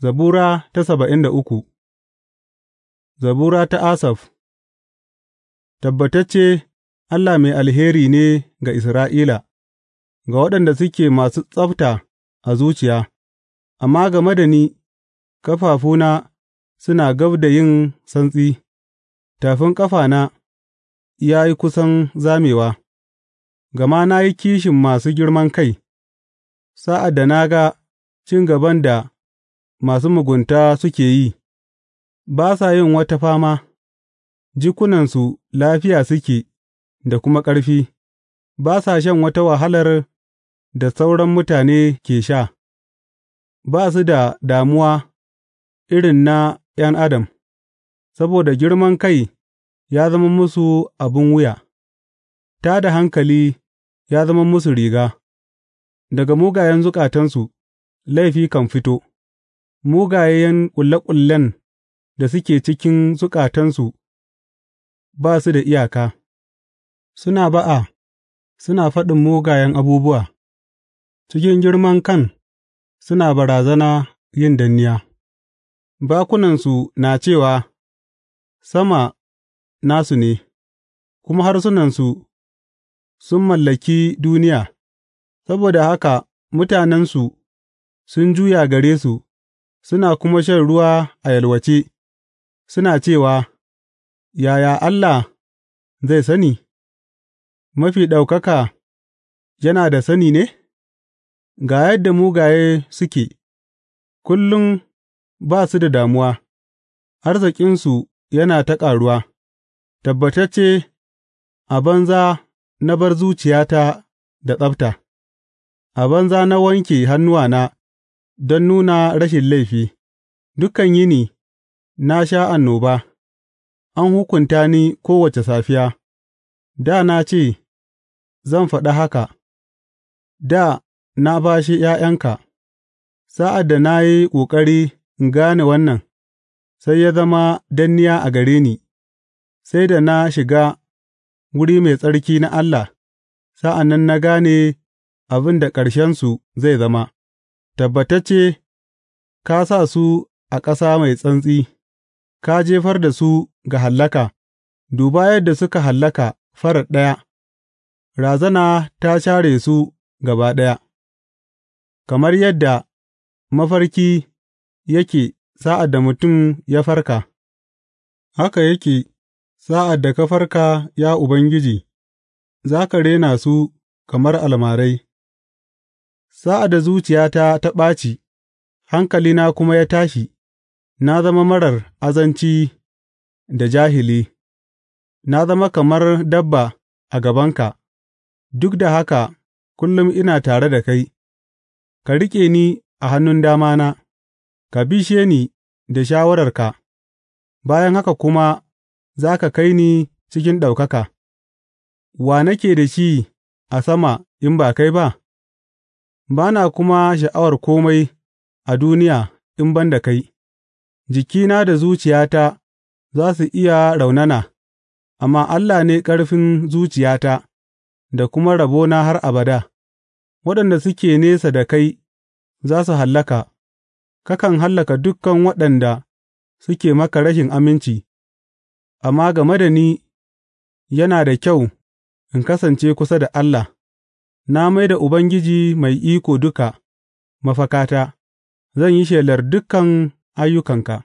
Zabura ta saba'in da uku Zabura ta Asaf Tabbatacce Allah mai alheri ne ga Isra'ila, ga waɗanda suke masu tsafta a zuciya, amma game da ni, ƙafafuna suna gab da yin santsi, tafin ƙafana ya yi kusan zamewa, gama na yi kishin masu girman kai, sa'ad da na ga cin gaban da masu mugunta suke yi, ba sa yin wata fama, jikunansu lafiya suke da kuma ƙarfi, ba sa shan wata wahalar da sauran mutane ke sha, ba su da damuwa irin na ’yan adam, saboda girman kai ya zama musu abin wuya, Ta da hankali ya zama musu riga, daga mugayen zukatansu laifi kan fito. mugayen ƙulle ƙullen da suke cikin zukatansu ba su da iyaka, suna ba'a, suna faɗin mugayen abubuwa, cikin girman kan suna barazana yin danniya, bakunansu na cewa, Sama nasu ne, kuma harsunansu sun mallaki duniya, saboda haka mutanensu sun juya gare su. suna kuma shan ruwa a yalwace, suna cewa, Yaya Allah zai sani? Mafi Ɗaukaka yana da sani ne? Ga yadda mugaye suke, kullum ba su da damuwa, arzikinsu yana ta ƙaruwa, tabbatacce a banza na bar zuciyata da tsabta, a banza na wanke hannuwana. don nuna rashin laifi; dukan yini na sha annoba, an hukunta ni kowace safiya; da na ce, Zan faɗa haka, da na ba shi ’ya'yanka, sa'ad da na yi ƙoƙari in gane wannan, sai ya zama danniya a gare ni, sai da na shiga wuri mai tsarki na Allah, sa'an nan na gane abin da ƙarshensu zai zama. Tabbatacce ka sa su a ƙasa mai tsantsi, ka jefar da su ga hallaka, duba yadda suka hallaka farat ɗaya, razana ta share su gaba ɗaya, kamar yadda mafarki yake sa'ad da mutum ya farka, haka yake sa'ad da ka farka, ya Ubangiji, za ka rena su kamar almarai. Sa'ad da zuciyata ta ɓaci hankalina kuma ya tashi, na zama marar azanci da jahili, na zama kamar dabba a gabanka, duk da haka kullum ina tare da kai, ka riƙe ni a hannun damana, ka bishe ni da shawararka, bayan haka kuma za ka kai ni cikin ɗaukaka, wa nake da shi a sama in ba kai ba? ba na kuma sha'awar kome a duniya in ban da kai; jikina da zuciyata za su iya raunana, amma Allah ne ƙarfin zuciyata da kuma rabona har abada; waɗanda suke nesa da kai za su hallaka, kakan hallaka dukan waɗanda suke maka rashin aminci, amma game da ni yana da kyau in kasance kusa da Allah. Na mai da Ubangiji Mai Iko Duka mafakata; zan yi shelar dukan ayyukanka.